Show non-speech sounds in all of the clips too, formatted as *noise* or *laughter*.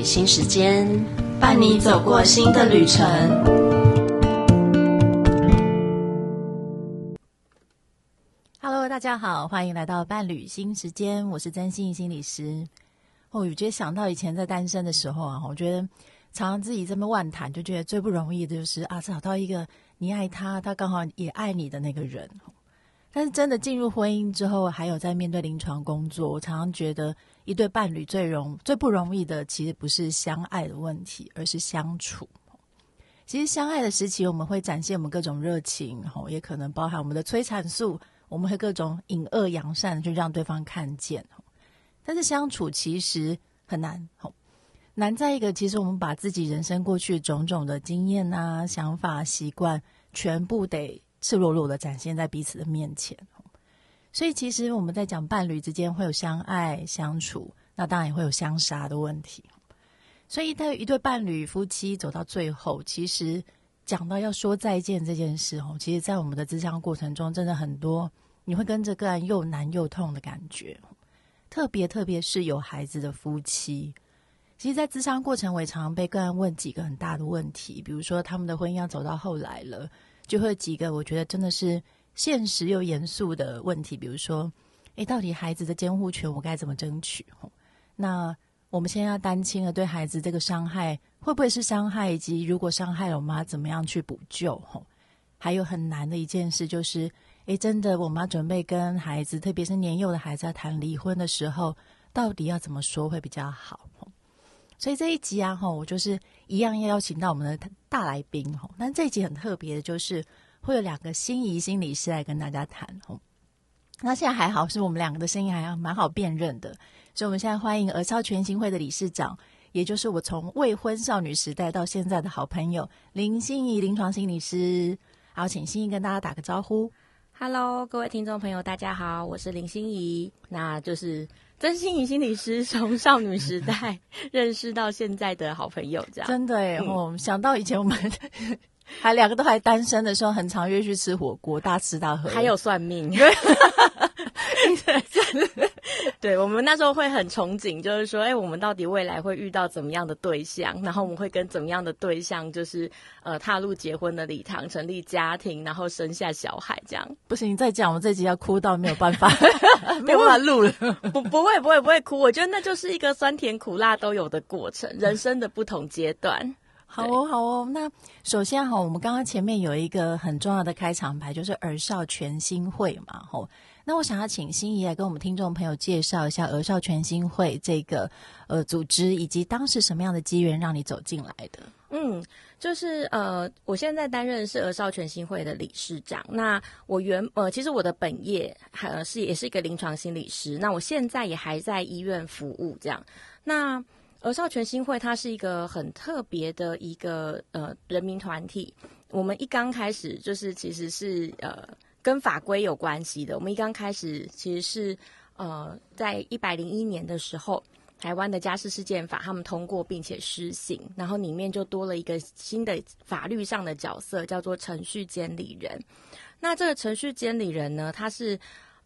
旅行時間，伴你走過新的旅程。Hello，大家好，歡迎來到伴旅新時間，我是曾欣儀心理師。Oh, 我有覺得想到以前在單身的時候啊，我覺得常常自己這麼妄談，就覺得最不容易的就是啊，找到一個你愛他，他剛好也愛你的那個人。但是真的進入婚姻之後，還有在面對臨床工作，我常常覺得。一對伴侶最容最不容易的，其實不是相愛的問題，而是相處。其實相愛的時期，我們會展現我們各種熱情，吼，也可能包含我們的催產素，我們會各種隱惡揚善，就讓對方看見。但是相處其實很難，難在一個，其實我們把自己人生過去種種的經驗啊、想法、習慣，全部得赤裸裸的展現在彼此的面前。所以，其實我們在講伴侶之間會有相愛相處，那當然也會有相殺的問題。所以，一對一對伴侶夫妻走到最後，其實講到要說再見這件事哦，其實在我們的諮商過程中，真的很多你會跟着個案又難又痛的感覺，特別特別是有孩子的夫妻。其實，在諮商過程，我也常常被個案問幾個很大的問題，比如說他們的婚姻要走到後來了，就會有幾個我覺得真的是。現實又嚴肅的問題，比如說，哎，到底孩子的監護權我該怎麼爭取？吼，那我們現在單親了，對孩子這個傷害會不會是傷害？以及如果傷害了，我媽怎麼樣去補救？吼，還有很難的一件事就是，哎，真的我媽準備跟孩子，特別是年幼的孩子，要談離婚的時候，到底要怎麼說會比較好？所以這一集啊，吼，我就是一樣要邀請到我們的大來賓，但這一集很特別的就是。會有兩個心儀心理師來跟大家談、哦、那現在還好，是我們兩個的聲音還蠻好辨認的，所以我們現在歡迎兒少權心會的理事長，也就是我從未婚少女時代到現在的好朋友林欣儀臨床心理師。好，請欣儀跟大家打個招呼。Hello，各位聽眾朋友，大家好，我是林欣儀，那就是曾心怡心理師，從少女時代認識到現在的好朋友，這樣 *laughs* 真的、嗯、我們想到以前我們。 *laughs* 還兩個都還單身的時候，很常約去吃火鍋、大吃大喝，還有算命 *laughs* 對對對對對。對，我們那時候會很憧憬，就是說，哎、欸，我們到底未來會遇到怎麼樣的對象？然後我們會跟怎麼樣的對象？就是呃，踏入結婚的禮堂，成立家庭，然後生下小孩，這樣。不行，你再講，我這集要哭到沒有辦法， *laughs* 沒有辦法錄了。不，不，不會，不會，不會哭。 *laughs* 我覺得那就是一個酸甜苦辣都有的過程，人生的不同階段。 *laughs* 好哦，好哦。那首先哈，我們剛剛前面有一個很重要的開場白，就是兒少權心會嘛，吼。那我想要請欣儀來跟我們聽眾朋友介紹一下兒少權心會這個呃組織，以及當時什麼樣的機緣讓你走進來的？嗯，就是呃，我現在擔任的是兒少權心會的理事長。那我原呃，其實我的本業還是、呃、也是一個臨床心理師，那我現在也還在醫院服務這樣。那兒少權心會，它是一個很特別的一個呃人民團體。我們一剛開始就是其實是呃跟法規有關係的，我們一剛開始其實是呃在一百零一年的時候，台灣的家事事件法他們通過並且施行，然後裡面就多了一個新的法律上的角色，叫做程序監理人。那這個程序監理人呢，他是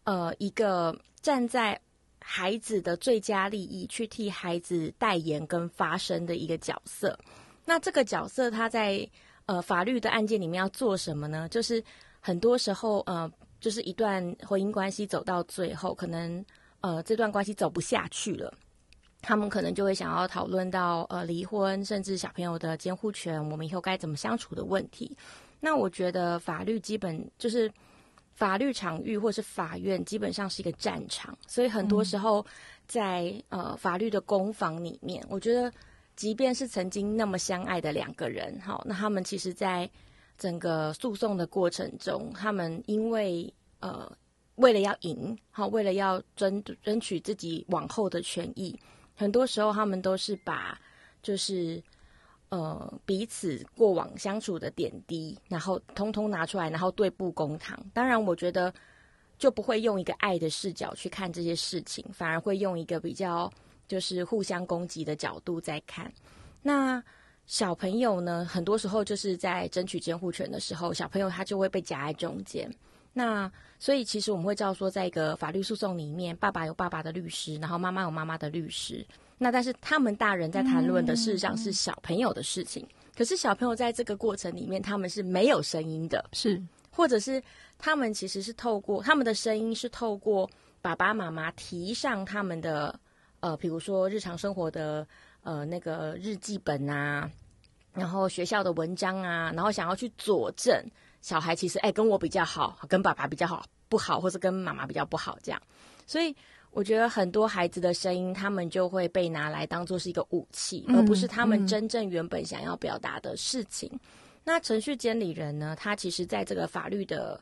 呃一個站在。孩子的最佳利益去替孩子代言跟發聲的一個角色，那這個角色他在呃法律的案件裡面要做什麼呢？就是很多時候呃，就是一段婚姻關係走到最後，可能呃這段關係走不下去了，他們可能就會想要討論到呃離婚，甚至小朋友的監護權，我們以後該怎麼相處的問題。那我覺得法律基本就是。法律場域或是法院基本上是一個戰場，所以很多時候在、嗯、呃法律的攻防裡面，我覺得即便是曾經那麼相愛的兩個人，齁，那他們其實，在整個訴訟的過程中，他們因為呃為了要贏，齁，為了要爭爭取自己往後的權益，很多時候他們都是把就是。呃，彼此過往相處的點滴，然後通通拿出來，然後對簿公堂。當然，我覺得就不會用一個愛的視角去看這些事情，反而會用一個比較就是互相攻擊的角度在看。那小朋友呢，很多時候就是在爭取監護權的時候，小朋友他就會被夾在中間。那所以，其實我們會知道說，在一個法律訴訟裡面，爸爸有爸爸的律師，然後媽媽有媽媽的律師。那但是他們大人在談論的事實上是小朋友的事情，嗯嗯，可是小朋友在這個過程裡面，他們是沒有聲音的。是，或者是他們其實是透過他們的聲音是透過爸爸媽媽提上他們的，呃，比如說日常生活的呃那個日記本啊，然後學校的文章啊，然後想要去佐證小孩，其實哎、欸、跟我比較好，跟爸爸比較好不好，或是跟媽媽比較不好這樣，所以。我覺得很多孩子的聲音，他們就會被拿來當做是一個武器、嗯，而不是他們真正原本想要表達的事情。嗯、那程序監理人呢？他其實在這個法律的，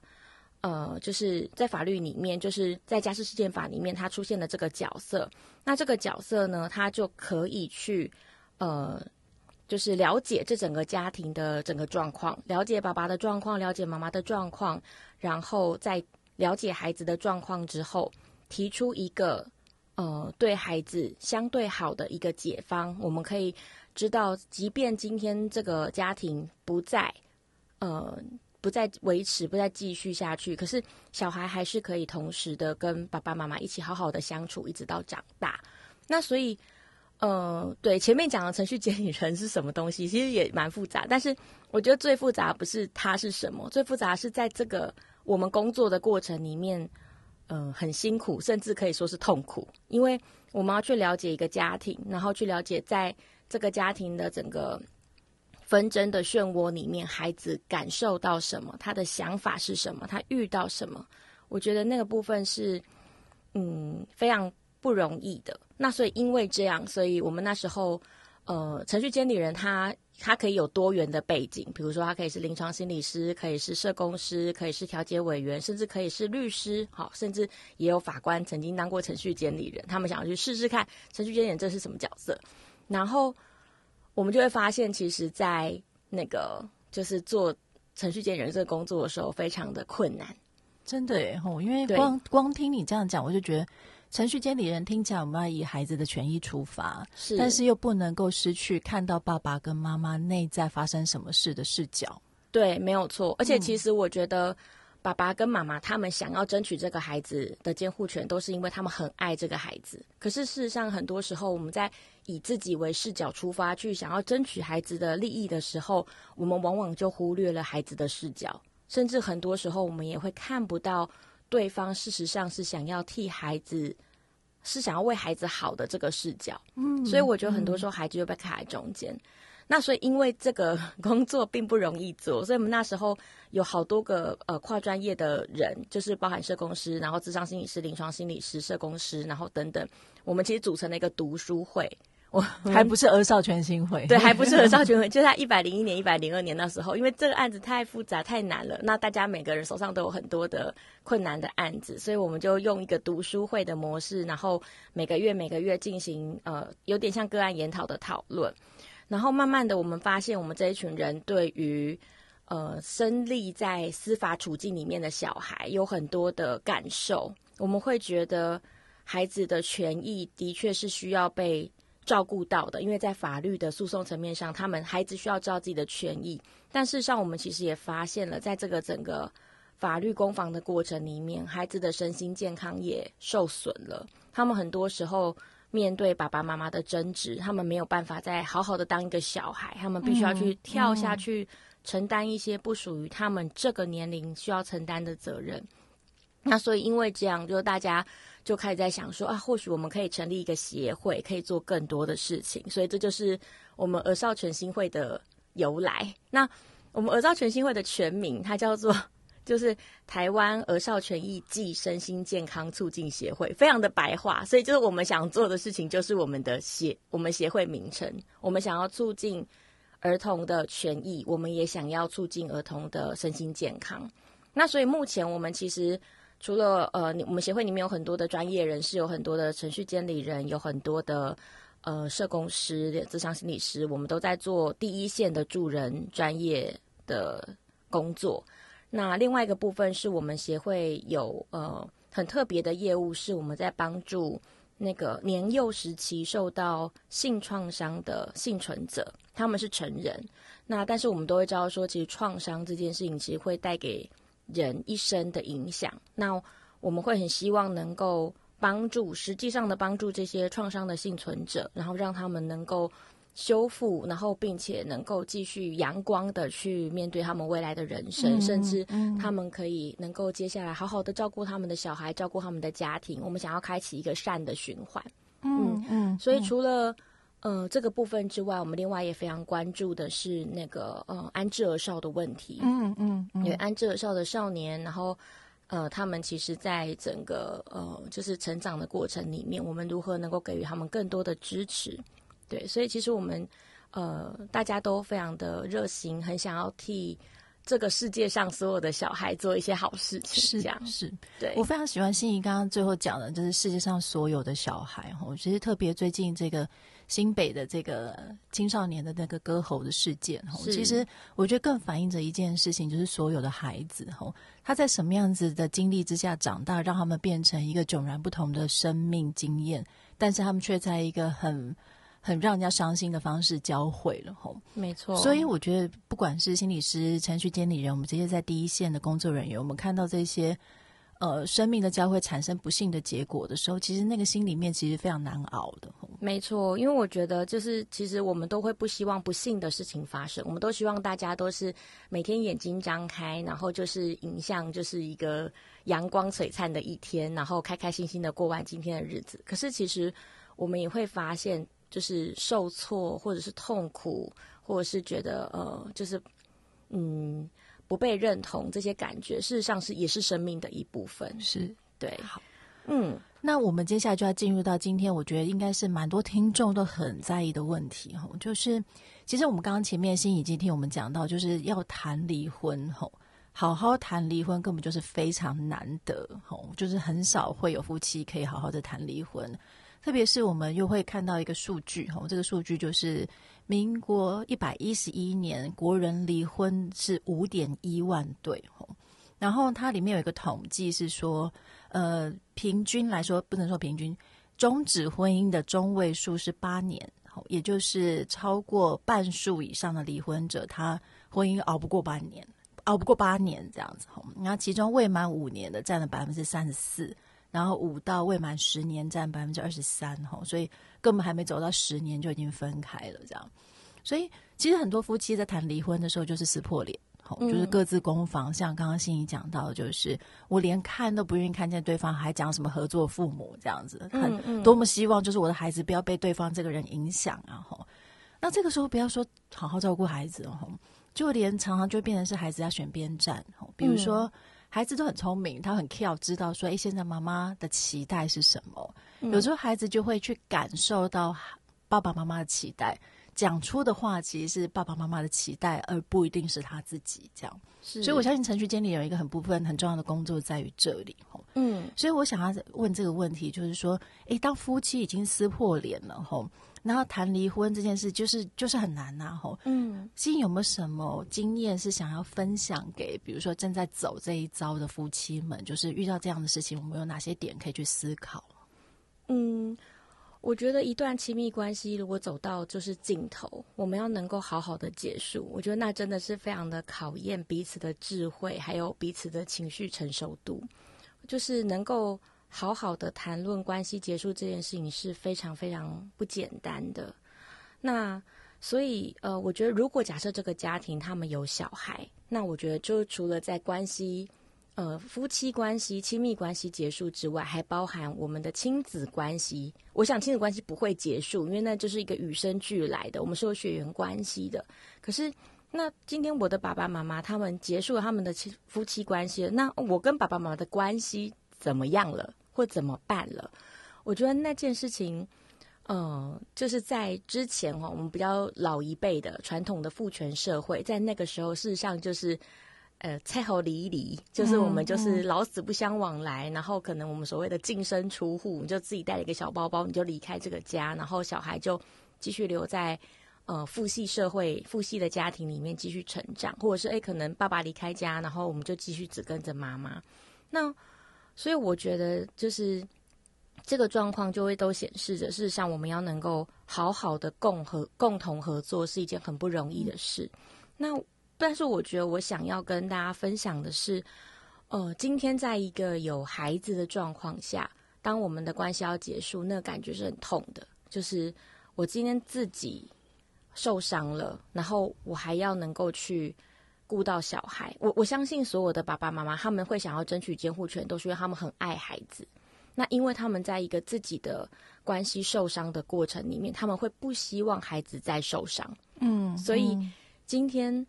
呃，就是在法律裡面，就是在家事事件法裡面，他出現的這個角色。那這個角色呢，他就可以去，呃，就是了解這整個家庭的整個狀況，了解爸爸的狀況，了解媽媽的狀況，然後在了解孩子的狀況之後。提出一個，呃，對孩子相對好的一個解方，我們可以知道，即便今天這個家庭不再，呃，不再維持，不再繼續下去，可是小孩還是可以同時的跟爸爸媽媽一起好好的相處，一直到長大。那所以，呃，對前面講的程序監理人是什麼東西，其實也蠻複雜。但是我覺得最複雜不是它是什麼，最複雜是在這個我們工作的過程裡面。嗯、呃，很辛苦，甚至可以說是痛苦，因為我們要去了解一個家庭，然後去了解在這個家庭的整個紛爭的漩渦裡面，孩子感受到什麼，他的想法是什麼，他遇到什麼，我覺得那個部分是嗯非常不容易的。那所以因為這樣，所以我們那時候呃，程序監理人他。他可以有多元的背景，比如說他可以是臨床心理師，可以是社工師，可以是調解委員，甚至可以是律師，好、哦，甚至也有法官曾經當過程序監理人。他們想要去試試看程序監理人這是什麼角色，然後我們就會發現，其實，在那個就是做程序監理人這個工作的時候，非常的困難，真的吼、哦，因為光光聽你這樣講，我就覺得。程序監理人聽起來我們要以孩子的權益出發是，但是又不能夠失去看到爸爸跟媽媽內在發生什麼事的視角。對，沒有錯。而且其實我覺得，爸爸跟媽媽他們想要爭取這個孩子的監護權，都是因為他們很愛這個孩子。可是事實上，很多時候我們在以自己為視角出發去想要爭取孩子的利益的時候，我們往往就忽略了孩子的視角，甚至很多時候我們也會看不到。對方事實上是想要替孩子，是想要為孩子好的這個視角，嗯，所以我覺得很多時候孩子就被卡在中間。嗯、那所以因為這個工作並不容易做，所以我們那時候有好多個呃跨專業的人，就是包含社工師，然後諮商心理師、臨床心理師、社工師，然後等等，我們其實組成了一個讀書會。我還不是兒少權心會，嗯，對，還不是兒少權心會， *laughs* 就在一百零一年，一百零二年那時候，因為這個案子太複雜、太難了，那大家每個人手上都有很多的困難的案子，所以我們就用一個讀書會的模式，然後每個月，每個月進行呃，有點像個案研討的討論，然後慢慢的，我們發現我們這一群人對於呃身陷在司法處境裡面的小孩有很多的感受，我們會覺得孩子的權益的確是需要被照顧到的，因為在法律的訴訟層面上，他們孩子需要知道自己的權益。但事實上，我們其實也發現了，在這個整個法律攻防的過程裡面，孩子的身心健康也受損了。他們很多時候面對爸爸媽媽的爭執，他們沒有辦法再好好的當一個小孩，他們必須要去跳下去承擔一些不屬於他們這個年齡需要承擔的責任。嗯嗯、那所以，因為這樣，就大家。就開始在想說啊，或許我們可以成立一個協會，可以做更多的事情。所以這就是我們兒少權心會的由來。那我們兒少權心會的全名，它叫做就是台灣兒少權益暨身心健康促進協會，非常的白話。所以就是我們想做的事情，就是我們的協我們協會名稱，我們想要促進兒童的權益，我們也想要促進兒童的身心健康。那所以目前我們其實。除了呃你，我們協會裡面有很多的專業人士，有很多的程序監理人，有很多的呃社工師、諮商心理師，我們都在做第一線的助人專業的工作。那另外一個部分是我們協會有呃很特別的業務，是我們在幫助那個年幼時期受到性創傷的幸存者，他們是成人。那但是我們都會知道說，其實創傷這件事情其實會帶給。人一生的影響，那我們會很希望能夠幫助，實際上的幫助這些創傷的幸存者，然後讓他們能夠修復，然後並且能夠繼續陽光的去面對他們未來的人生，嗯、甚至他們可以能夠接下來好好的照顧他們的小孩，照顧他們的家庭。我們想要開啟一個善的循環，嗯嗯，所以除了。嗯、呃，這個部分之外，我們另外也非常關注的是那個呃安置兒少的問題。嗯嗯，嗯，因為安置兒少的少年，然後呃他們其實，在整個呃就是成長的過程裡面，我們如何能夠給予他們更多的支持？對，所以其實我們呃大家都非常的熱心，很想要替這個世界上所有的小孩做一些好事情。是這樣，是、是對，我非常喜歡。欣儀剛剛最後講的就是世界上所有的小孩，我覺得特別最近這個。新北的這個青少年的那個割喉的事件，其實我覺得更反映着一件事情，就是所有的孩子，他在什麼樣子的經歷之下長大，讓他們變成一個迥然不同的生命經驗，但是他們卻在一個很很讓人家傷心的方式交匯了，沒錯。所以我覺得，不管是心理師、程序監理人，我們這些在第一線的工作人員，我們看到這些。呃，生命的交匯產生不幸的結果的時候，其實那個心裡面其實非常難熬的。沒錯，因為我覺得，就是其實我們都會不希望不幸的事情發生，我們都希望大家都是每天眼睛張開，然後就是迎向就是一個陽光璀璨的一天，然後開開心心的過完今天的日子。可是其實我們也會發現，就是受挫，或者是痛苦，或者是覺得呃，就是嗯。不被認同這些感覺，事實上是也是生命的一部分。是對，好嗯，那我們接下來就要進入到今天，我覺得應該是蠻多聽眾都很在意的問題哈，就是其實我們剛剛前面欣儀今天我們講到，就是要談離婚吼，好好談離婚根本就是非常難得吼，就是很少會有夫妻可以好好的談離婚，特別是我們又會看到一個數據吼，這個數據就是。民國一百一十一年，國人離婚是五點一萬對吼，然後它裡面有一個統計是說，呃，平均來說不能說平均，終止婚姻的中位數是八年，也就是超過半數以上的離婚者，他婚姻熬不過八年，熬不過八年這樣子吼，然後其中未滿五年的佔了百分之三十四，然後五到未滿十年佔百分之二十三吼，所以。根本還沒走到十年就已經分開了，這樣，所以其實很多夫妻在談離婚的時候就是撕破臉，吼、嗯，就是各自攻防。像剛剛欣儀講到，就是我連看都不願意看見對方，還講什麼合作父母這樣子，嗯，多麼希望就是我的孩子不要被對方這個人影響啊，吼。那這個時候不要說好好照顧孩子吼，就連常常就會變成是孩子要選邊站，比如說。嗯孩子都很聰明，他很 care，知道說，哎、欸，現在媽媽的期待是什麼，嗯？有時候孩子就會去感受到爸爸媽媽的期待，講出的話其實是爸爸媽媽的期待，而不一定是他自己這樣。是，所以我相信程序監理有一個很部分很重要的工作在於這裡。嗯，所以我想要問這個問題，就是說，哎、欸，當夫妻已經撕破臉了，齁。然後談離婚這件事，就是就是很難呐，吼。嗯，欣有沒有什麼經驗是想要分享給，比如說正在走這一遭的夫妻們，就是遇到這樣的事情，我們有哪些點可以去思考？嗯，我覺得一段親密關係如果走到就是盡頭，我們要能夠好好的結束，我覺得那真的是非常的考驗彼此的智慧，還有彼此的情緒承受度，就是能夠。好好的談論關係結束這件事情是非常非常不簡單的。那所以呃，我覺得如果假設這個家庭他們有小孩，那我覺得就除了在關係，呃，夫妻關係、親密關係結束之外，還包含我們的親子關係。我想親子關係不會結束，因為那就是一個與生俱來的，我們是有血緣關係的。可是那今天我的爸爸媽媽他們結束了他們的親夫妻關係，那我跟爸爸媽媽的關係怎麼樣了？或怎麼辦了？我覺得那件事情，嗯、呃，就是在之前哈、哦，我們比較老一輩的傳統的父權社會，在那個時候事實上就是，呃，蔡好離離，就是我們就是老死不相往來，嗯嗯、然後可能我們所謂的淨身出戶，你就自己帶了一個小包包，你就離開這個家，然後小孩就繼續留在呃父系社會父系的家庭裡面繼續成長，或者是哎可能爸爸離開家，然後我們就繼續只跟着媽媽，那。所以我覺得，就是這個狀況就會都顯示着，事實上我們要能夠好好的共和共同合作是一件很不容易的事。那但是我覺得，我想要跟大家分享的是，呃，今天在一個有孩子的狀況下，當我們的關係要結束，那感覺是很痛的。就是我今天自己受傷了，然後我還要能夠去。顧到小孩，我我相信所有的爸爸媽媽，他們會想要爭取監護權，都是因為他們很愛孩子。那因為他們在一個自己的關係受傷的過程裡面，他們會不希望孩子再受傷。嗯，所以今天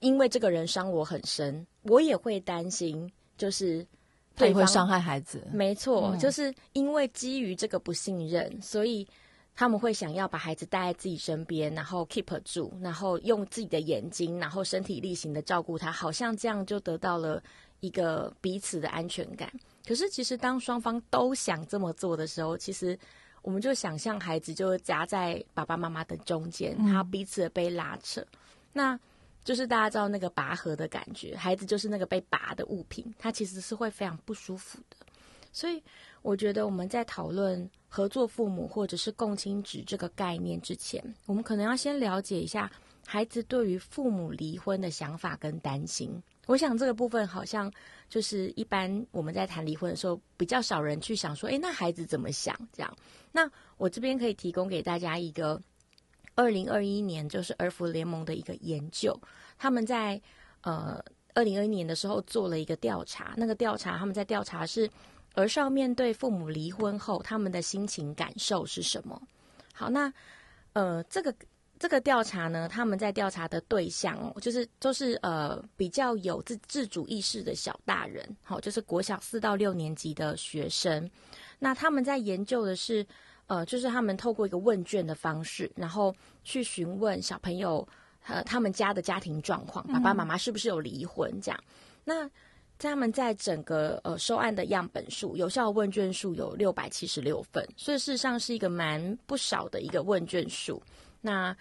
因為這個人傷我很深，我也會擔心，就是他也會傷害孩子。沒錯，嗯，就是因為基於這個不信任，所以。他們會想要把孩子帶在自己身邊，然後 keep 住，然後用自己的眼睛，然後身體力行的照顧他，好像這樣就得到了一個彼此的安全感。可是，其實當雙方都想這麼做的時候，其實我們就想象孩子就夾在爸爸媽媽的中間，他彼此被拉扯，嗯，那就是大家知道那個拔河的感覺，孩子就是那個被拔的物品，他其實是會非常不舒服的。所以，我覺得我們在討論合作父母或者是共親職這個概念之前，我們可能要先了解一下孩子對於父母離婚的想法跟擔心。我想這個部分好像就是一般我們在談離婚的時候，比較少人去想說：“哎，那孩子怎麼想？”這樣。那我這邊可以提供給大家一個二零二一年，就是兒福聯盟的一個研究，他們在呃二零二一年的時候做了一個調查，那個調查他們在調查是。而是要面對父母離婚後他們的心情感受是什麼？好，那呃，這個這個調查呢，他們在調查的對象哦、就是，就是都是呃比較有自自主意識的小大人，好、哦，就是國小四到六年級的學生。那他們在研究的是，呃，就是他們透過一個問卷的方式，然後去詢問小朋友，呃，他們家的家庭狀況，爸爸媽媽是不是有離婚、嗯、這樣？那他們在整個，呃，收案的樣本數，有效問卷數有六百七十六份，所以事實上是一個蠻不少的一個問卷數。那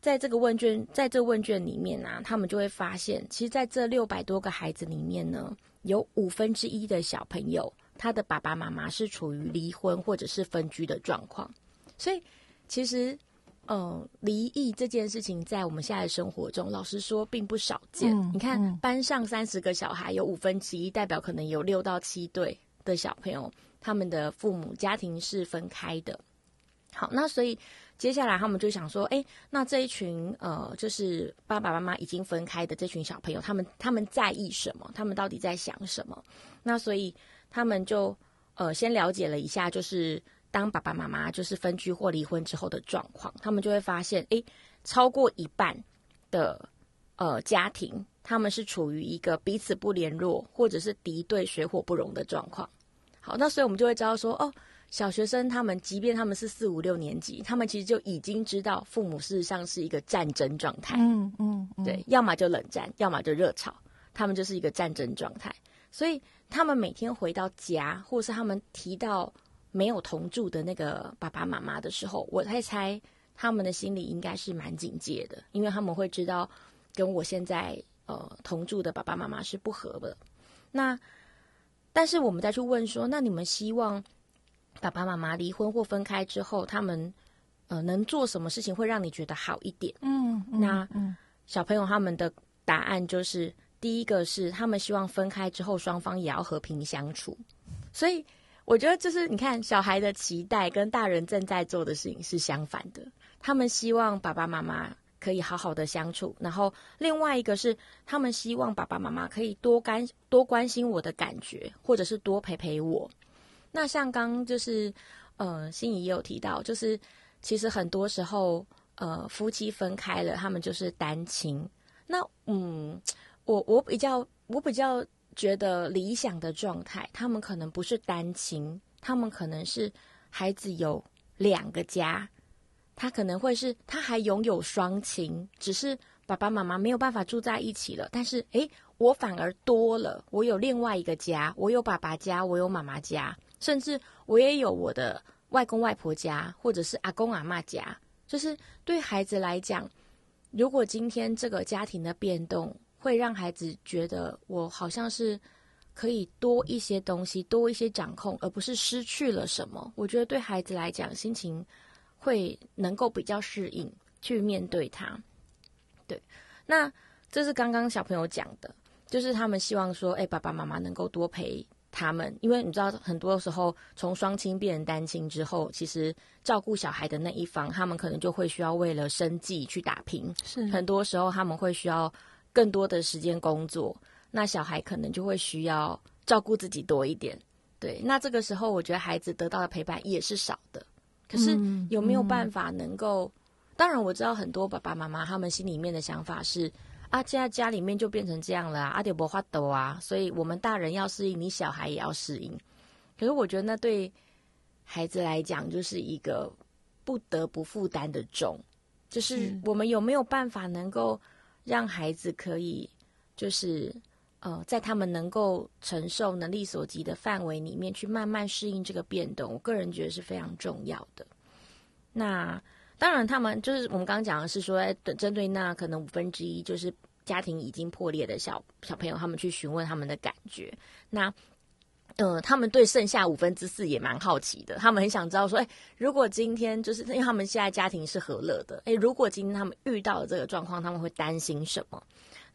在這個問卷，在這問卷裡面呢、啊，他們就會發現，其實在這六百多個孩子裡面呢，有五分之一的小朋友，他的爸爸媽媽是處於離婚或者是分居的狀況，所以其實。嗯、呃，離異這件事情在我們現在的生活中，老實說並不少見。嗯嗯、你看，班上三十個小孩，有五分之一，代表可能有六到七對的小朋友，他們的父母家庭是分開的。好，那所以接下來他們就想說，哎、欸，那這一群呃，就是爸爸媽媽已經分開的這群小朋友，他們他們在意什麼？他們到底在想什麼？那所以他們就呃先了解了一下，就是。當爸爸媽媽就是分居或離婚之後的狀況，他們就會發現，誒，超過一半的呃家庭，他們是處於一個彼此不聯絡或者是敵對、水火不容的狀況。好，那所以我們就會知道說，哦，小學生他們，即便他們是四五六年級，他們其實就已經知道父母事實上是一個戰爭狀態。嗯嗯，嗯，對，要麼就冷戰，要麼就熱吵，他們就是一個戰爭狀態。所以他們每天回到家，或是他們提到沒有同住的那個爸爸媽媽的時候，我在猜他們的心理應該是蠻警戒的，因為他們會知道跟我現在呃同住的爸爸媽媽是不合的。那但是我們再去問說，那你們希望爸爸媽媽離婚或分開之後，他們呃能做什麼事情會讓你覺得好一點？嗯，嗯，那嗯，小朋友他們的答案就是，第一個是他們希望分開之後雙方也要和平相處，所以。我覺得就是你看，小孩的期待跟大人正在做的事情是相反的。他們希望爸爸媽媽可以好好的相處，然後另外一個是他們希望爸爸媽媽可以多關多關心我的感覺，或者是多陪陪我。那像剛就是，嗯、呃，欣儀也有提到，就是其實很多時候，呃，夫妻分開了，他們就是單親。那嗯，我我比較我比較。覺得理想的狀態，他們可能不是單親，他們可能是孩子有兩個家，他可能會是他還擁有雙親，只是爸爸媽媽沒有辦法住在一起了。但是，誒我反而多了，我有另外一個家，我有爸爸家，我有媽媽家，甚至我也有我的外公外婆家，或者是阿公阿嬤家。就是對孩子來講，如果今天這個家庭的變動，會讓孩子覺得我好像是可以多一些東西，多一些掌控，而不是失去了什麼。我覺得對孩子來講，心情會能夠比較適應去面對他。對，那這是剛剛小朋友講的，就是他們希望說，欸，爸爸媽媽能夠多陪他們，因為你知道，很多時候從雙親變成單親之後，其實照顧小孩的那一方，他們可能就會需要為了生計去打拼，是很多時候他們會需要。更多的時間工作，那小孩可能就會需要照顧自己多一點，對。那這個時候，我覺得孩子得到的陪伴也是少的。可是有沒有辦法能夠、嗯嗯？當然，我知道很多爸爸媽媽他們心裡面的想法是：啊，現在家裡面就變成這樣了，啊就沒辦法啊，所以我們大人要適應，你小孩也要適應。可是我覺得，那對孩子來講，就是一個不得不負擔的重。就是我們有沒有辦法能夠？讓孩子可以，就是，呃，在他們能夠承受能力所及的範圍裡面去慢慢適應這個變動，我個人覺得是非常重要的。那當然，他們就是我們剛剛講的是說，針對那可能五分之一就是家庭已經破裂的小小朋友，他們去詢問他們的感覺，那。呃，他們對剩下五分之四也蠻好奇的，他們很想知道說，欸，如果今天就是因為他們現在家庭是和樂的，欸，如果今天他們遇到了這個狀況，他們會擔心什麼？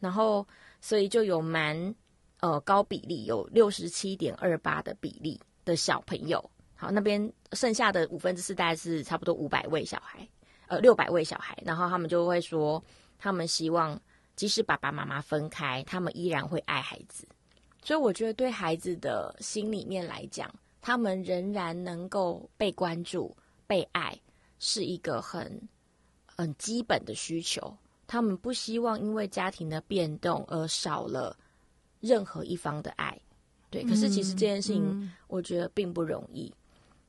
然後，所以就有蠻呃高比例，有六十七點二八的比例的小朋友，好，那邊剩下的五分之四大概是差不多五百位小孩，呃，六百位小孩，然後他們就會說，他們希望即使爸爸媽媽分開，他們依然會愛孩子。所以我覺得，對孩子的心裡面來講，他們仍然能夠被關注、被愛，是一個很很基本的需求。他們不希望因為家庭的變動而少了任何一方的愛。對，嗯、可是其實這件事情我覺得並不容易、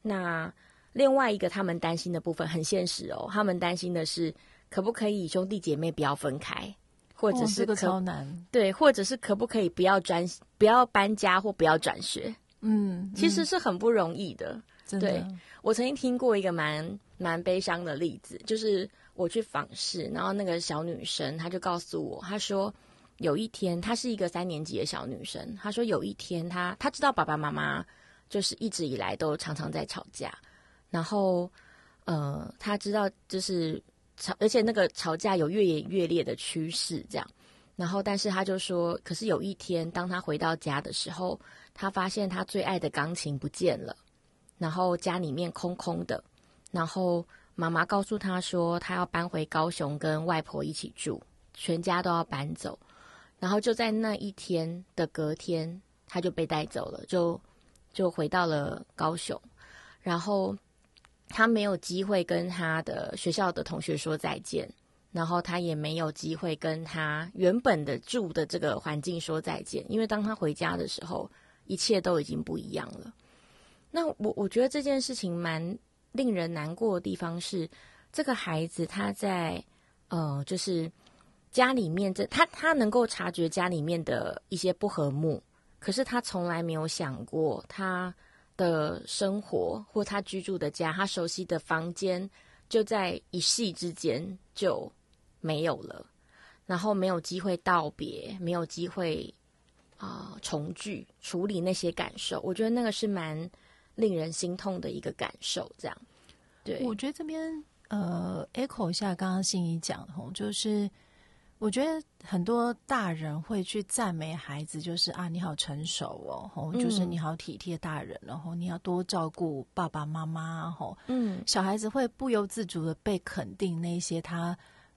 嗯。那另外一個他們擔心的部分，很現實哦，他們擔心的是，可不可以兄弟姐妹不要分開？或者是可、哦這個、超難對，或者是可不可以不要轉，不要搬家或不要轉學？嗯，嗯，其實是很不容易的，真的。對，我曾經聽過一個蠻蠻悲傷的例子，就是我去訪視，然後那個小女生她就告訴我，她說有一天，她是一個三年級的小女生，她說有一天她她知道爸爸媽媽就是一直以來都常常在吵架，然後嗯、呃，她知道就是。而且那個吵架有越演越烈的趨勢，這樣。然後，但是他就說，可是有一天，當他回到家的時候，他發現他最愛的鋼琴不見了，然後家裡面空空的。然後媽媽告訴他說，他要搬回高雄跟外婆一起住，全家都要搬走。然後就在那一天的隔天，他就被帶走了，就就回到了高雄。然後。他沒有機會跟他的學校的同學說再見，然後他也沒有機會跟他原本的住的這個環境說再見，因為當他回家的時候，一切都已經不一樣了。那我我覺得這件事情蠻令人難過的地方是，這個孩子他在呃，就是家裡面這他他能夠察覺家裡面的一些不和睦，可是他從來沒有想過他。的生活或他居住的家，他熟悉的房間，就在一夕之間就沒有了，然後沒有機會道別，沒有機會啊、呃、重聚，處理那些感受，我覺得那個是蠻令人心痛的一個感受。這樣，對，我覺得這邊呃，echo 一下剛剛欣儀講的就是。我覺得很多大人會去讚美孩子，就是啊，你好成熟哦，吼、嗯，就是你好體貼大人、哦，然後你要多照顧爸爸媽媽，吼，嗯，小孩子會不由自主的被肯定那些他，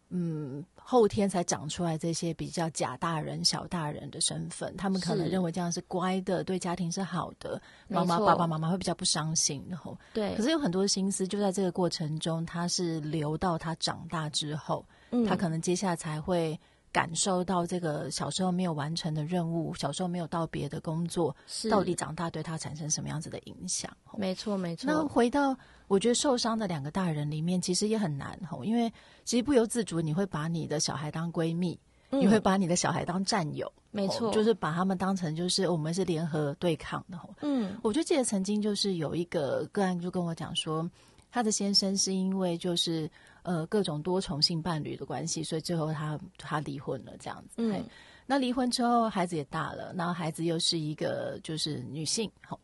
嗯，後天才長出來這些比較假大人、小大人的身份，他們可能認為這樣是乖的，對家庭是好的，媽媽、媽媽爸爸媽媽會比較不傷心的、哦，然後對，可是有很多心思就在這個過程中，他是留到他長大之後。嗯、他可能接下來才會感受到這個小時候沒有完成的任務，小時候沒有道別的工作是，到底長大對他產生什麼樣子的影響？沒錯，沒錯。那回到我覺得受傷的兩個大人裡面，其實也很難吼，因為其實不由自主，你會把你的小孩當閨蜜、嗯，你會把你的小孩當戰友，沒錯，就是把他們當成就是我們是聯合對抗的吼。嗯，我就記得曾經就是有一個個案就跟我講說，他的先生是因為就是。呃，各種多重性伴侶的關係，所以最後他他離婚了，這樣子。嗯，那離婚之後，孩子也大了，然後孩子又是一個就是女性，吼、哦，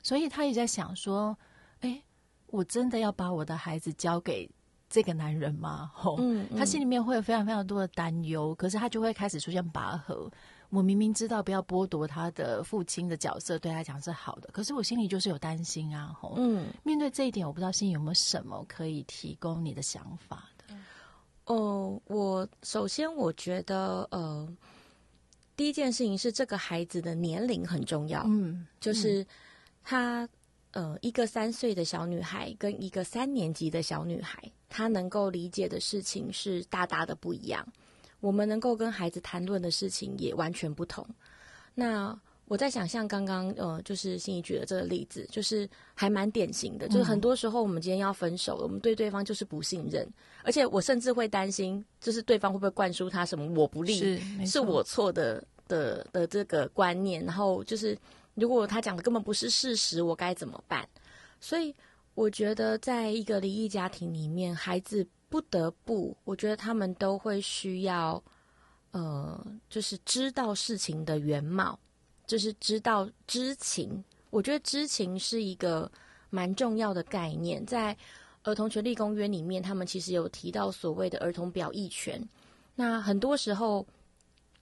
所以他也在想說，哎，我真的要把我的孩子交給這個男人嗎？吼、哦嗯，他心裡面會有非常非常多的擔憂，可是他就會開始出現拔河。我明明知道不要剝奪他的父親的角色，對他講是好的，可是我心裡就是有擔心啊。嗯，面對這一點，我不知道心裡有沒有什麼可以提供你的想法的。哦、嗯，呃，我首先我覺得，呃，第一件事情是這個孩子的年齡很重要。嗯，就是她、嗯，呃，一個三歲的小女孩跟一個三年級的小女孩，她能夠理解的事情是大大的不一樣。我們能夠跟孩子談論的事情也完全不同。那我在想，像剛剛呃，就是欣儀舉的這個例子，就是還蠻典型的。嗯、就是很多時候，我們今天要分手了，我們對對方就是不信任，而且我甚至會擔心，就是對方會不會灌輸他什麼“我不利”是我錯的的的這個觀念。然後就是，如果他講的根本不是事實，我該怎麼辦？所以我覺得，在一個離異家庭裡面，孩子。不得不，我覺得他們都會需要，呃，就是知道事情的原貌，就是知道知情。我覺得知情是一個蠻重要的概念，在兒童權利公約裡面，他們其實有提到所謂的兒童表意權。那很多時候，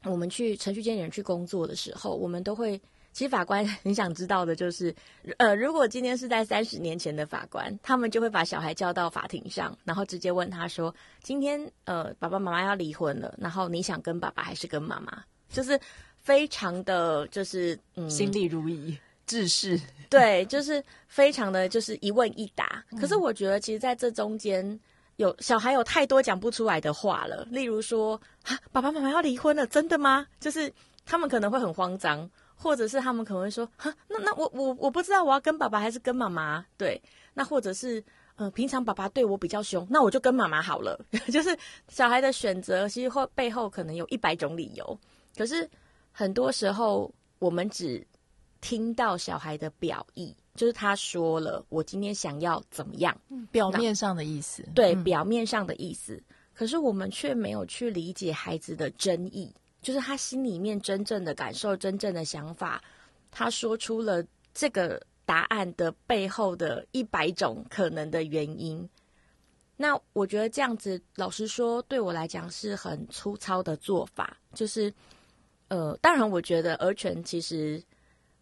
我們去程序監理人去工作的時候，我們都會。其實法官很想知道的就是，呃，如果今天是在三十年前的法官，他們就會把小孩叫到法庭上，然後直接問他說：“今天，呃，爸爸媽媽要離婚了，然後你想跟爸爸還是跟媽媽？”就是非常的，就是嗯，心裡如一，致世對，就是非常的就是一問一答。 *laughs* 可是我覺得，其實在這中間，有小孩有太多講不出來的話了，例如說：“啊，爸爸媽媽要離婚了，真的嗎？”就是他們可能會很慌張。或者是他們可能會說：“哈，那那我我我不知道我要跟爸爸還是跟媽媽。”對，那或者是，嗯、呃，平常爸爸對我比較凶，那我就跟媽媽好了。 *laughs* 就是小孩的選擇，其實或背後可能有一百種理由。可是很多時候，我們只聽到小孩的表意，就是他說了，我今天想要怎麼樣，嗯、表面上的意思、嗯。對，表面上的意思。嗯、可是我們卻沒有去理解孩子的真意。就是他心裡面真正的感受、真正的想法，他說出了這個答案的背後的一百種可能的原因。那我覺得這樣子，老實說，對我來講是很粗糙的做法。就是，呃，當然，我覺得兒權其實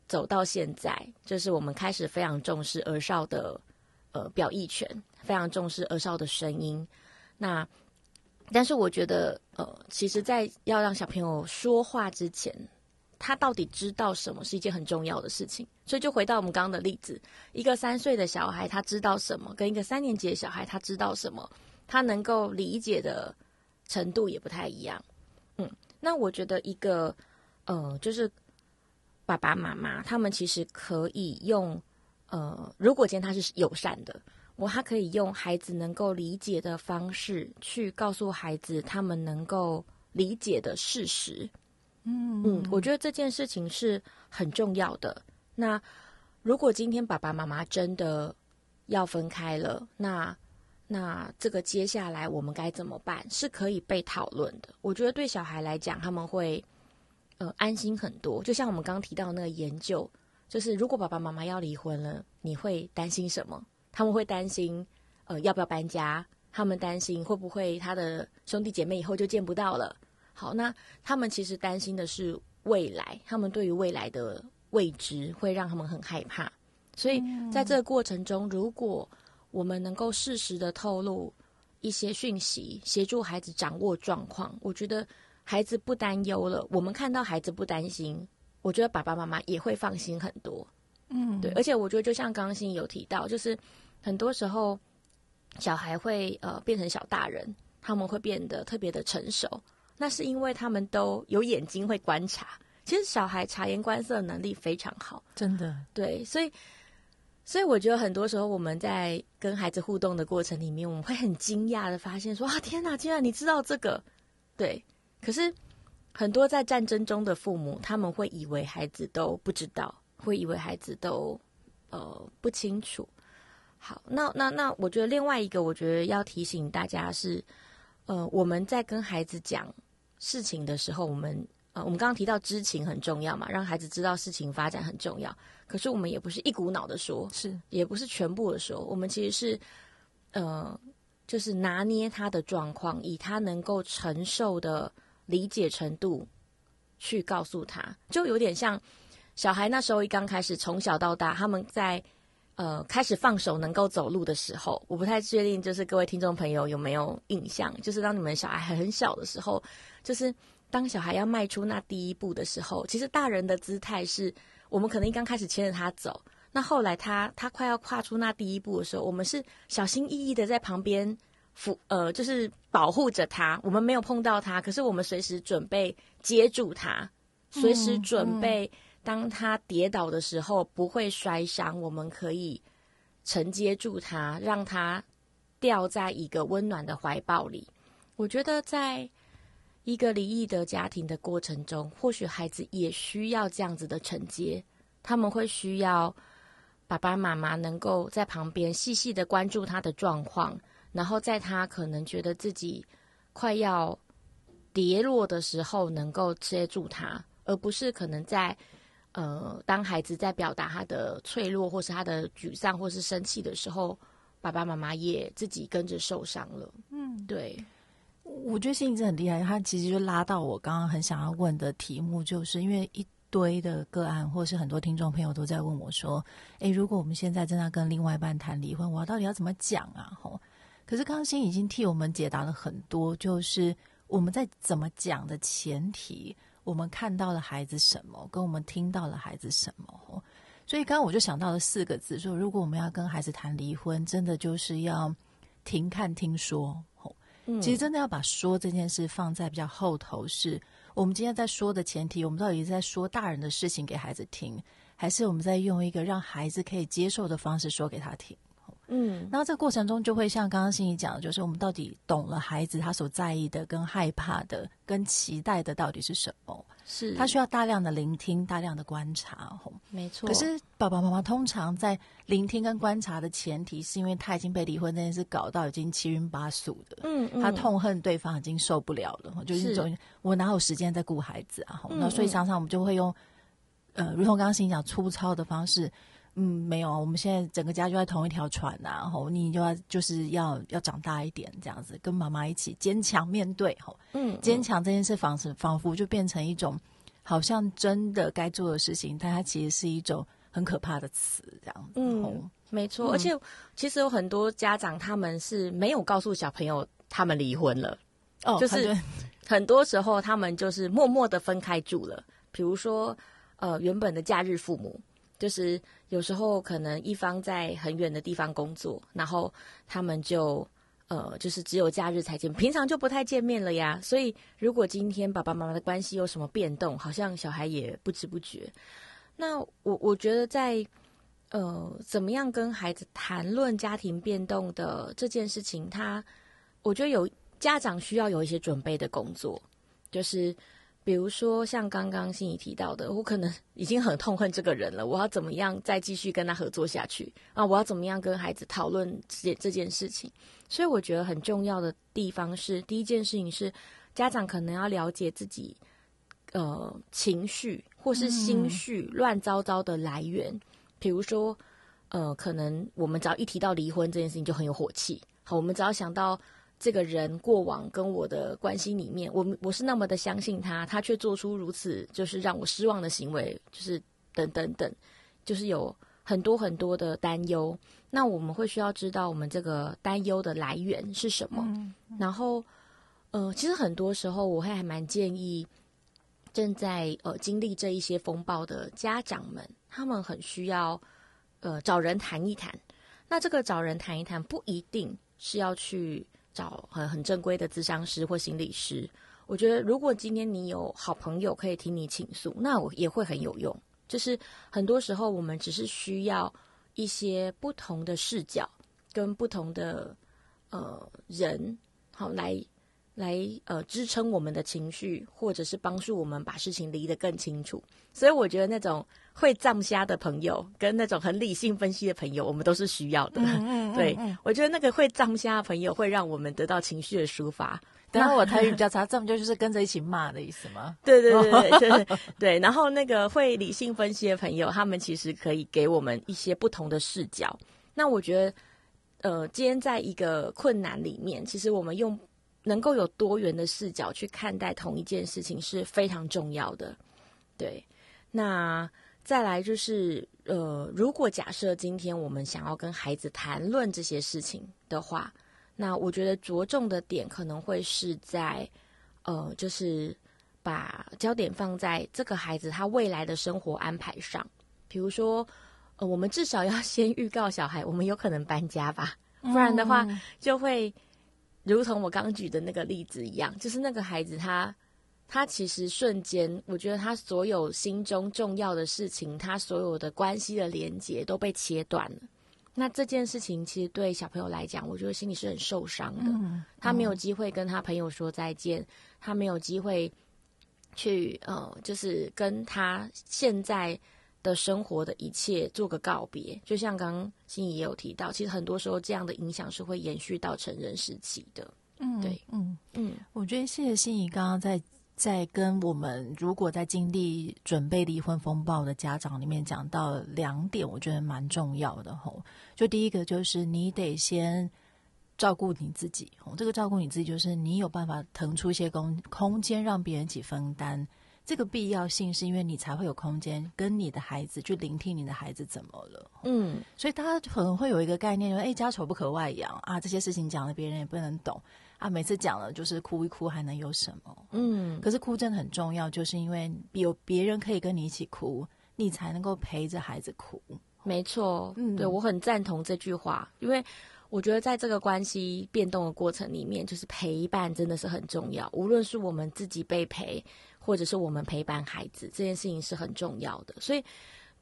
走到現在，就是我們開始非常重視兒少的呃表意權，非常重視兒少的聲音。那但是我覺得，呃，其實，在要讓小朋友說話之前，他到底知道什麼是一件很重要的事情。所以，就回到我們剛剛的例子，一個三歲的小孩他知道什麼，跟一個三年級的小孩他知道什麼，他能夠理解的程度也不太一樣。嗯，那我覺得一個，呃，就是爸爸媽媽他們其實可以用，呃，如果今天他是友善的。我還可以用孩子能夠理解的方式去告訴孩子他們能夠理解的事實。嗯，嗯，我覺得這件事情是很重要的。那如果今天爸爸媽媽真的要分開了，那那這個接下來我們該怎麼辦是可以被討論的。我覺得對小孩來講，他們會呃安心很多。就像我們剛剛提到那個研究，就是如果爸爸媽媽要離婚了，你會擔心什麼？他們會擔心，呃，要不要搬家？他們擔心會不會他的兄弟姐妹以後就見不到了？好，那他們其實擔心的是未來，他們對於未來的未知會讓他們很害怕。所以在這個過程中，嗯、如果我們能夠適時的透露一些訊息，協助孩子掌握狀況，我覺得孩子不擔憂了。我們看到孩子不擔心，我覺得爸爸媽媽也會放心很多。嗯，對。而且我覺得，就像剛剛欣有提到，就是。很多時候，小孩會呃變成小大人，他們會變得特別的成熟。那是因為他們都有眼睛會觀察，其實小孩察言觀色能力非常好，真的。對，所以，所以我覺得很多時候我們在跟孩子互動的過程裡面，我們會很驚訝的發現，說：“啊，天哪，竟然你知道這個？”對。可是很多在戰爭中的父母，他們會以為孩子都不知道，會以為孩子都呃不清楚。好，那那那，那我覺得另外一個，我覺得要提醒大家是，呃，我們在跟孩子講事情的時候，我們呃，我們剛剛提到知情很重要嘛，讓孩子知道事情發展很重要。可是我們也不是一股腦的說，是也不是全部的說，我們其實是，呃，就是拿捏他的狀況，以他能夠承受的理解程度去告訴他，就有點像小孩那時候一剛開始，從小到大，他們在。呃，開始放手能夠走路的時候，我不太確定，就是各位聽眾朋友有沒有印象，就是當你們小孩還很小的時候，就是當小孩要邁出那第一步的時候，其實大人的姿態是我們可能一剛開始牽着他走，那後來他他快要跨出那第一步的時候，我們是小心翼翼的在旁邊扶，呃，就是保護着他，我們沒有碰到他，可是我們隨時準備接住他，隨時準備。嗯。嗯當他跌倒的時候，不會摔傷，我們可以承接住他，讓他掉在一個溫暖的懷抱裡。我覺得，在一個離異的家庭的過程中，或許孩子也需要這樣子的承接。他們會需要爸爸媽媽能夠在旁邊細細的關注他的狀況，然後在他可能覺得自己快要跌落的時候，能夠接住他，而不是可能在。呃，當孩子在表達他的脆弱，或是他的沮喪，或是生氣的時候，爸爸媽媽也自己跟着受傷了。嗯，對。我覺得欣儀很厲害，他其實就拉到我剛剛很想要問的題目，就是因為一堆的個案，或是很多聽眾朋友都在問我說：“哎、欸，如果我們現在正在跟另外一半談離婚，我到底要怎麼講啊？”吼、哦，可是剛欣儀已經替我們解答了很多，就是我們在怎麼講的前提。我們看到了孩子什麼，跟我們聽到了孩子什麼，所以剛剛我就想到了四個字，說如果我們要跟孩子談離婚，真的就是要停、看、聽、說。嗯。其實真的要把說這件事放在比較後頭是，是我們今天在說的前提，我們到底是在說大人的事情給孩子聽，還是我們在用一個讓孩子可以接受的方式說給他聽？嗯，然後這個過程中就會像剛剛欣儀講，就是我們到底懂了孩子他所在意的、跟害怕的、跟期待的到底是什麼？是，他需要大量的聆聽、大量的觀察，沒錯。可是爸爸媽媽通常在聆聽跟觀察的前提，是因為他已經被離婚這件事搞到已經七暈八素的、嗯，嗯，他痛恨對方已經受不了了，是，就是這種，我哪有時間在顧孩子啊、嗯嗯？那所以常常我們就會用，呃，如同剛剛欣儀講，粗糙的方式。嗯，沒有，我們現在整個家就在同一條船吶、啊。然後你就要就是要要長大一點，這樣子跟媽媽一起堅強面對。吼，嗯，堅強這件事仿，仿是仿佛就變成一種好像真的該做的事情，但它其實是一種很可怕的詞，這樣子。嗯，哦、沒錯、嗯。而且其實有很多家長，他們是沒有告訴小朋友他們離婚了。哦，就是很多時候他們就是默默的分開住了。比如說，呃，原本的假日父母。就是有時候可能一方在很遠的地方工作，然後他們就呃，就是只有假日才見，平常就不太見面了呀。所以如果今天爸爸媽媽的關係有什麼變動，好像小孩也不知不覺。那我我覺得在呃，怎麼樣跟孩子談論家庭變動的這件事情，他我覺得有家長需要有一些準備的工作，就是。比如說，像剛剛欣儀提到的，我可能已經很痛恨這個人了，我要怎麼樣再繼續跟他合作下去？啊，我要怎麼樣跟孩子討論這這件事情？所以我覺得很重要的地方是，第一件事情是家長可能要了解自己呃情緒或是心緒亂糟糟的來源，嗯、比如說呃，可能我們只要一提到離婚這件事情就很有火氣，好，我們只要想到。這個人過往跟我的關係裡面，我我是那麼的相信他，他卻做出如此就是讓我失望的行為，就是等等等，就是有很多很多的擔憂。那我們會需要知道我們這個擔憂的來源是什麼。嗯、然後，呃，其實很多時候我會還蠻建議正在呃經歷這一些風暴的家長們，他們很需要呃找人談一談。那這個找人談一談，不一定是要去。找很很正規的諮商師或心理師，我覺得如果今天你有好朋友可以聽你傾訴，那我也會很有用。就是很多時候我們只是需要一些不同的視角跟不同的呃，人，好，好來。來呃支撐我們的情緒，或者是幫助我們把事情理得更清楚。所以我覺得那種會藏蝦的朋友，跟那種很理性分析的朋友，我們都是需要的。嗯嗯嗯嗯，對，嗯嗯，我覺得那個會藏蝦的朋友會讓我們得到情緒的抒發。然後我台語比較差，藏 *laughs* 蝦就是跟着一起罵的意思嗎？ *laughs* 對對對對，就是、 *laughs* 對。然後那個會理性分析的朋友，他們其實可以給我們一些不同的視角。那我覺得，呃，今天在一個困難裡面，其實我們用。能夠有多元的視角去看待同一件事情是非常重要的，對。那再來就是，呃，如果假設今天我們想要跟孩子談論這些事情的話，那我覺得着重的點可能會是在，呃，就是把焦點放在這個孩子他未來的生活安排上，比如說，呃，我們至少要先預告小孩，我們有可能搬家吧？不然的話就會。如同我剛舉的那個例子一樣，就是那個孩子他，他他其實瞬間，我覺得他所有心中重要的事情，他所有的關係的連接都被切斷了。那這件事情其實對小朋友來講，我覺得心裡是很受傷的。他沒有機會跟他朋友說再見，嗯，他沒有機會跟他朋友說再見，他沒有機會去呃，就是跟他現在。的生活的一切做個告別，就像剛剛欣儀也有提到，其實很多時候這樣的影響是會延續到成人時期的。嗯，對，嗯嗯，我覺得謝謝欣儀剛剛在在跟我們，如果在經歷準備離婚風暴的家長裡面講到兩點，我覺得蠻重要的吼。就第一個就是你得先照顧你自己，吼，這個照顧你自己就是你有辦法騰出一些空空間讓別人一起分擔。這個必要性是因為你才會有空間跟你的孩子去聆聽你的孩子怎麼了。嗯，所以大家可能會有一個概念，就是，哎，家醜不可外揚啊，這些事情講了別人也不能懂啊，每次講了就是哭一哭還能有什麼？嗯，可是哭真的很重要，就是因為有別人可以跟你一起哭，你才能夠陪着孩子哭。沒錯，嗯，對，對我很贊同這句話，因為我覺得在這個關係變動的過程裡面，就是陪伴真的是很重要，無論是我們自己被陪。或者是我們陪伴孩子這件事情是很重要的，所以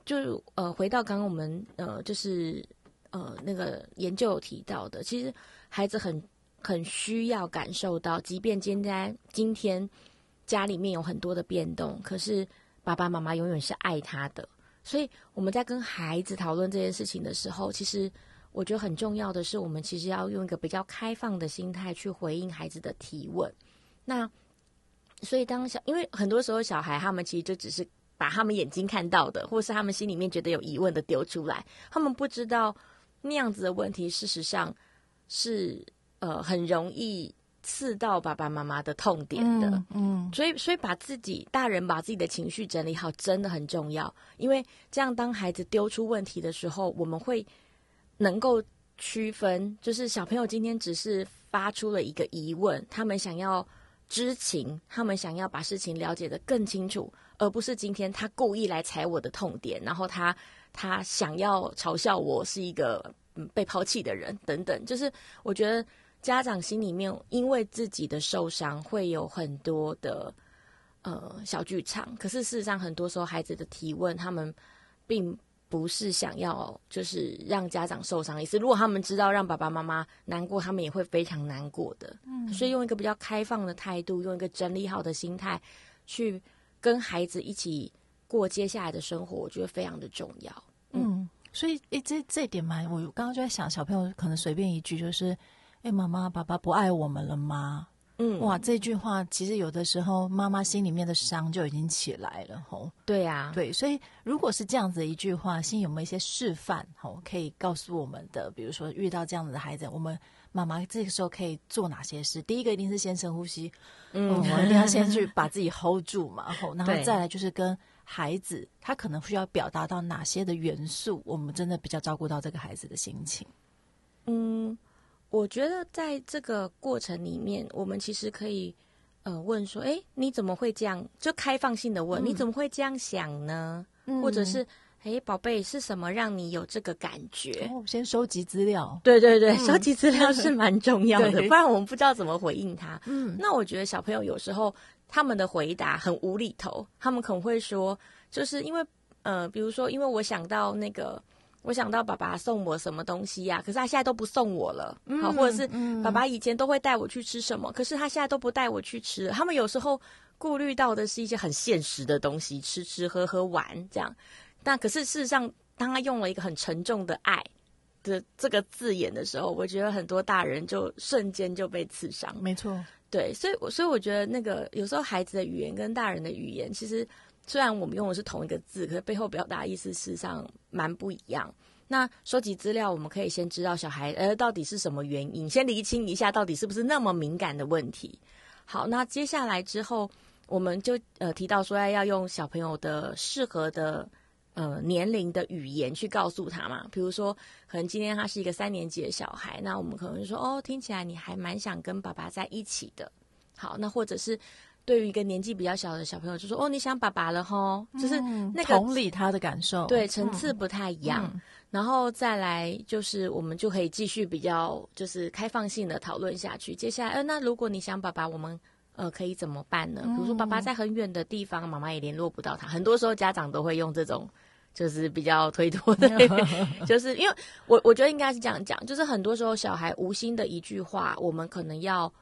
就呃，回到剛剛我們呃，就是呃那個研究有提到的，其實孩子很很需要感受到，即便今天今天家裡面有很多的變動，可是爸爸媽媽永遠是愛他的。所以我們在跟孩子討論這件事情的時候，其實我覺得很重要的是，我們其實要用一個比較開放的心態去回應孩子的提問。那。所以，當小，因為很多時候小孩他們其實就只是把他們眼睛看到的，或是他們心裡面覺得有疑問的丟出來，他們不知道那樣子的問題，事實上是呃很容易刺到爸爸媽媽的痛點的。嗯，嗯所以，所以把自己大人把自己的情緒整理好真的很重要，因為這樣當孩子丟出問題的時候，我們會能夠區分，就是小朋友今天只是發出了一個疑問，他們想要。知情，他們想要把事情了解得更清楚，而不是今天他故意來踩我的痛點，然後他他想要嘲笑我是一個被拋棄的人等等。就是我覺得家長心裡面因為自己的受傷會有很多的呃小劇場，可是事實上很多時候孩子的提問他們並。不是想要就是讓家長受傷一次。如果他們知道讓爸爸媽媽難過，他們也會非常難過的。嗯，所以用一個比較開放的態度，用一個整理好的心態，去跟孩子一起過接下來的生活，我覺得非常的重要。嗯，嗯所以誒、欸，這這一點嘛，我剛剛就在想，小朋友可能隨便一句就是：“哎、欸，媽媽、爸爸不愛我們了嗎？”嗯、哇，這句話其實有的時候媽媽心裡面的傷就已經起來了吼。對呀、啊，對，所以如果是這樣子的一句話，心有沒有一些示範吼，可以告訴我們的？比如說遇到這樣子的孩子，我們媽媽這個時候可以做哪些事？第一個一定是先深呼吸，嗯，嗯，我們一定要先去把自己 hold 住嘛，吼，然後再來就是跟孩子，他可能需要表達到哪些的元素，我們真的比較照顧到這個孩子的心情。嗯。我覺得在這個過程裡面，我們其實可以，呃，問說：“誒、欸，你怎麼會這樣？”就開放性的問：“嗯、你怎麼會這樣想呢？”嗯、或者是：“誒、欸，寶貝，是什麼讓你有這個感覺？”哦、先收集資料，對對對，嗯、收集資料是蠻重要的， *laughs* 不然我們不知道怎麼回應他。嗯，那我覺得小朋友有時候他們的回答很無厘頭，他們可能會說：“就是因為呃，比如說，因為我想到那個。”我想到爸爸送我什麼東西呀、啊？可是他現在都不送我了。嗯、好，或者是爸爸以前都會帶我去吃什麼、嗯，可是他現在都不帶我去吃。他們有時候顧慮到的是一些很現實的東西，吃吃喝喝玩這樣。但可是事實上，當他用了一個很沉重的“愛”的這個字眼的時候，我覺得很多大人就瞬間就被刺傷了。沒錯，對，所以，我所以我覺得那個有時候孩子的語言跟大人的語言其實。雖然我們用的是同一個字，可是背後表達意思事實上蠻不一樣。那收集資料，我們可以先知道小孩呃到底是什麼原因，先釐清一下到底是不是那麼敏感的問題。好，那接下來之後，我們就呃提到說要用小朋友的適合的呃年齡的語言去告訴他嘛，比如說可能今天他是一個三年級的小孩，那我們可能就說哦，聽起來你還蠻想跟爸爸在一起的。好，那或者是。對於一個年紀比較小的小朋友，就說哦，你想爸爸了吼，嗯、就是那個同理他的感受，對，層次不太一樣。嗯嗯、然後再來就是，我們就可以繼續比較就是開放性的討論下去。接下來，呃，那如果你想爸爸，我們呃可以怎麼辦呢？比如說，爸爸在很遠的地方，嗯，媽媽也聯絡不到他。很多時候家長都會用這種就是比較推脫的，對對 *laughs* 就是因為我我覺得應該是這樣講，就是很多時候小孩無心的一句話，我們可能要。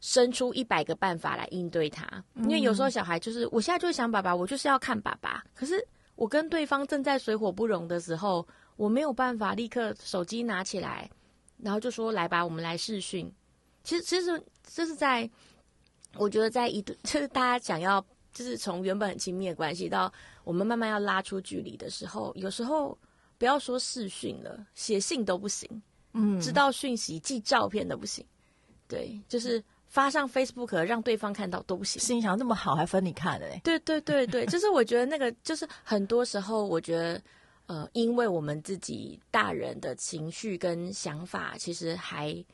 生出一百個辦法來應對他，因為有時候小孩就是，我現在就想爸爸，我就是要看爸爸。可是我跟對方正在水火不容的時候，我沒有辦法立刻手機拿起來，然後就說，來吧，我們來視訊。其實，其實這是在我覺得在一對，就是大家想要，就是從原本很親密的關係到我們慢慢要拉出距離的時候，有時候不要說視訊了，寫信都不行，嗯，知道訊息、寄照片都不行，對，就是。嗯發上 Facebook 讓對方看到都不行，心想，那麼好還分你看的。哎，對對對對，就是我覺得那個 *laughs* 就是很多時候，我覺得，呃，因為我們自己大人的情緒跟想法其實還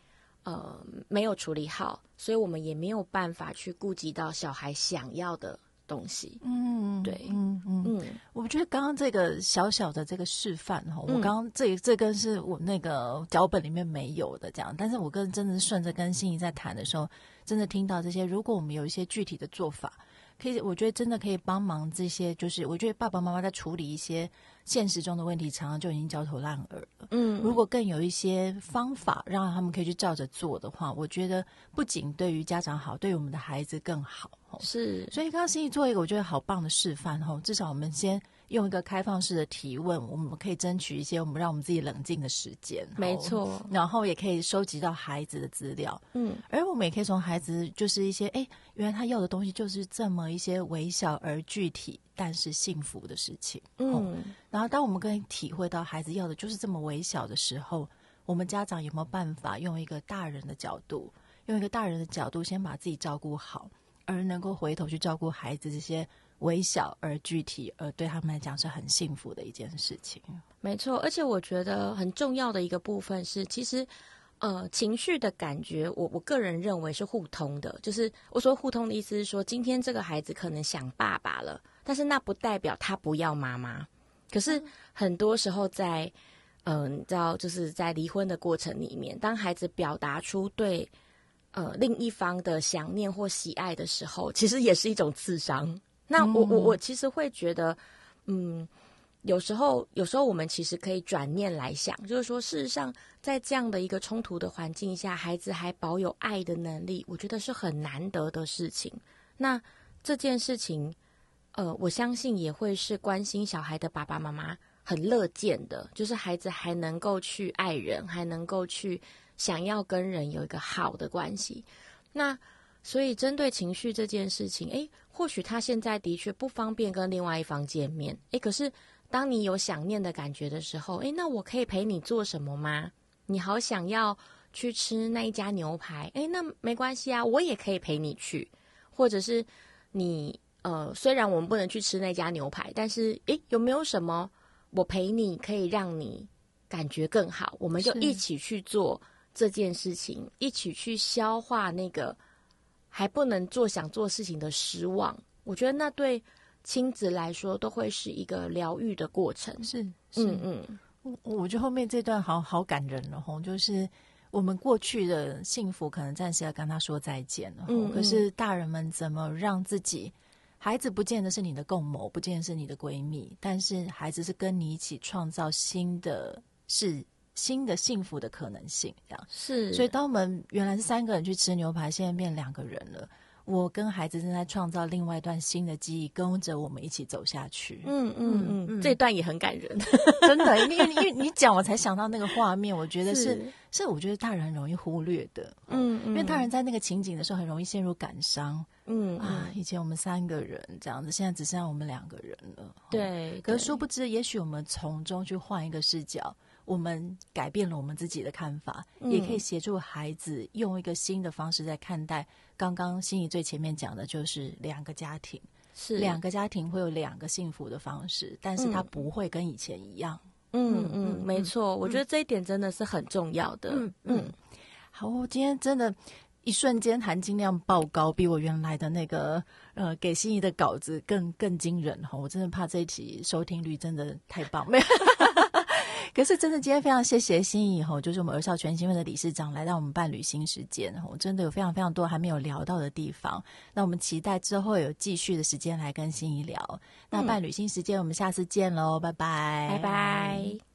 呃沒有處理好，所以我們也沒有辦法去顧及到小孩想要的。東西，嗯，對，嗯嗯，嗯，我覺得剛剛這個小小的這個示範哈、嗯，我剛剛這這跟是我那個腳本裡面沒有的，這樣，但是我跟真的是順着跟欣儀在談的時候，真的聽到這些，如果我們有一些具體的做法，可以，我覺得真的可以幫忙這些，就是我覺得爸爸媽媽在處理一些現實中的問題，常常就已經焦頭爛額了，嗯，如果更有一些方法讓他們可以去照着做的話，我覺得不僅對於家長好，對於我們的孩子更好。是，所以剛剛欣儀做一個我覺得好棒的示範哈，至少我們先用一個開放式的提問，我們可以爭取一些我們讓我們自己冷靜的時間，沒錯，然後也可以收集到孩子的資料，嗯，而我們也可以從孩子就是一些，哎、欸，原來他要的東西就是這麼一些微小而具體，但是幸福的事情，嗯，嗯，然後當我們可以體會到孩子要的就是這麼微小的時候，我們家長有沒有辦法用一個大人的角度，用一個大人的角度先把自己照顧好？而能夠回頭去照顧孩子，這些微小而具體，而對他們來講是很幸福的一件事情。沒錯，而且我覺得很重要的一個部分是，其實，呃，情緒的感覺我，我我個人認為是互通的。就是我說互通的意思是說，今天這個孩子可能想爸爸了，但是那不代表他不要媽媽。可是很多時候在，嗯、呃，你知道，就是在離婚的過程裡面，當孩子表達出對。呃，另一方的想念或喜愛的時候，其實也是一種自傷，嗯。那我我我其實會覺得，嗯，有時候有時候我們其實可以轉念來想，就是說，事實上，在這樣的一個衝突的環境下，孩子還保有愛的能力，我覺得是很難得的事情。那這件事情，呃，我相信也會是關心小孩的爸爸媽媽很樂見的，就是孩子還能夠去愛人，還能夠去。想要跟人有一個好的關係，那所以針對情緒這件事情，誒，或許他現在的確不方便跟另外一方見面。誒，可是當你有想念的感覺的時候，誒，那我可以陪你做什麼嗎？你好想要去吃那一家牛排，誒，那沒關係啊，我也可以陪你去，或者是你呃，雖然我們不能去吃那家牛排，但是誒，有沒有什麼我陪你可以讓你感覺更好？我們就一起去做。這件事情一起去消化那個還不能做想做事情的失望，我覺得那對親子來說都會是一個療癒的過程。是，嗯、是，嗯，我覺得後面這段好好感人哦就是我們過去的幸福可能暫時要跟他說再見了吼、嗯。可是大人們怎麼讓自己？孩子不見得是你的共謀，不見得是你的閨蜜，但是孩子是跟你一起創造新的事。新的幸福的可能性，這樣是。所以，當我們原來是三個人去吃牛排，嗯、現在變兩個人了。我跟孩子正在創造另外一段新的記憶，跟着我們一起走下去。嗯嗯嗯，這段也很感人，真的。 *laughs* 因為因為你講，我才想到那個畫面。我覺得是是，是我覺得大人很容易忽略的。嗯，嗯，因為大人在那個情景的時候，很容易陷入感傷。嗯啊嗯，以前我們三個人這樣子，現在只剩下我們兩個人了。對。嗯、對，可是殊不知，也許我們從中去換一個視角，我們改變了我們自己的看法，嗯、也可以協助孩子用一個新的方式在看待。剛剛欣儀最前面講的就是兩個家庭，是兩個家庭會有兩個幸福的方式，嗯、但是它不會跟以前一樣。嗯嗯，嗯，嗯，沒錯、嗯，我覺得這一點真的是很重要的。嗯嗯，好，我今天真的，一瞬間含金量爆高，比我原來的那個呃給欣儀的稿子更更驚人哈、哦！我真的怕這一期收聽率真的太棒，沒有。可是真的，今天非常謝謝欣儀，吼，就是我們兒少權心會的理事長來到我們伴侶新時間，我真的有非常非常多還沒有聊到的地方，那我們期待之後有繼續的時間來跟欣儀聊。嗯、那伴侶新時間，我們下次見嘍，拜拜，拜拜。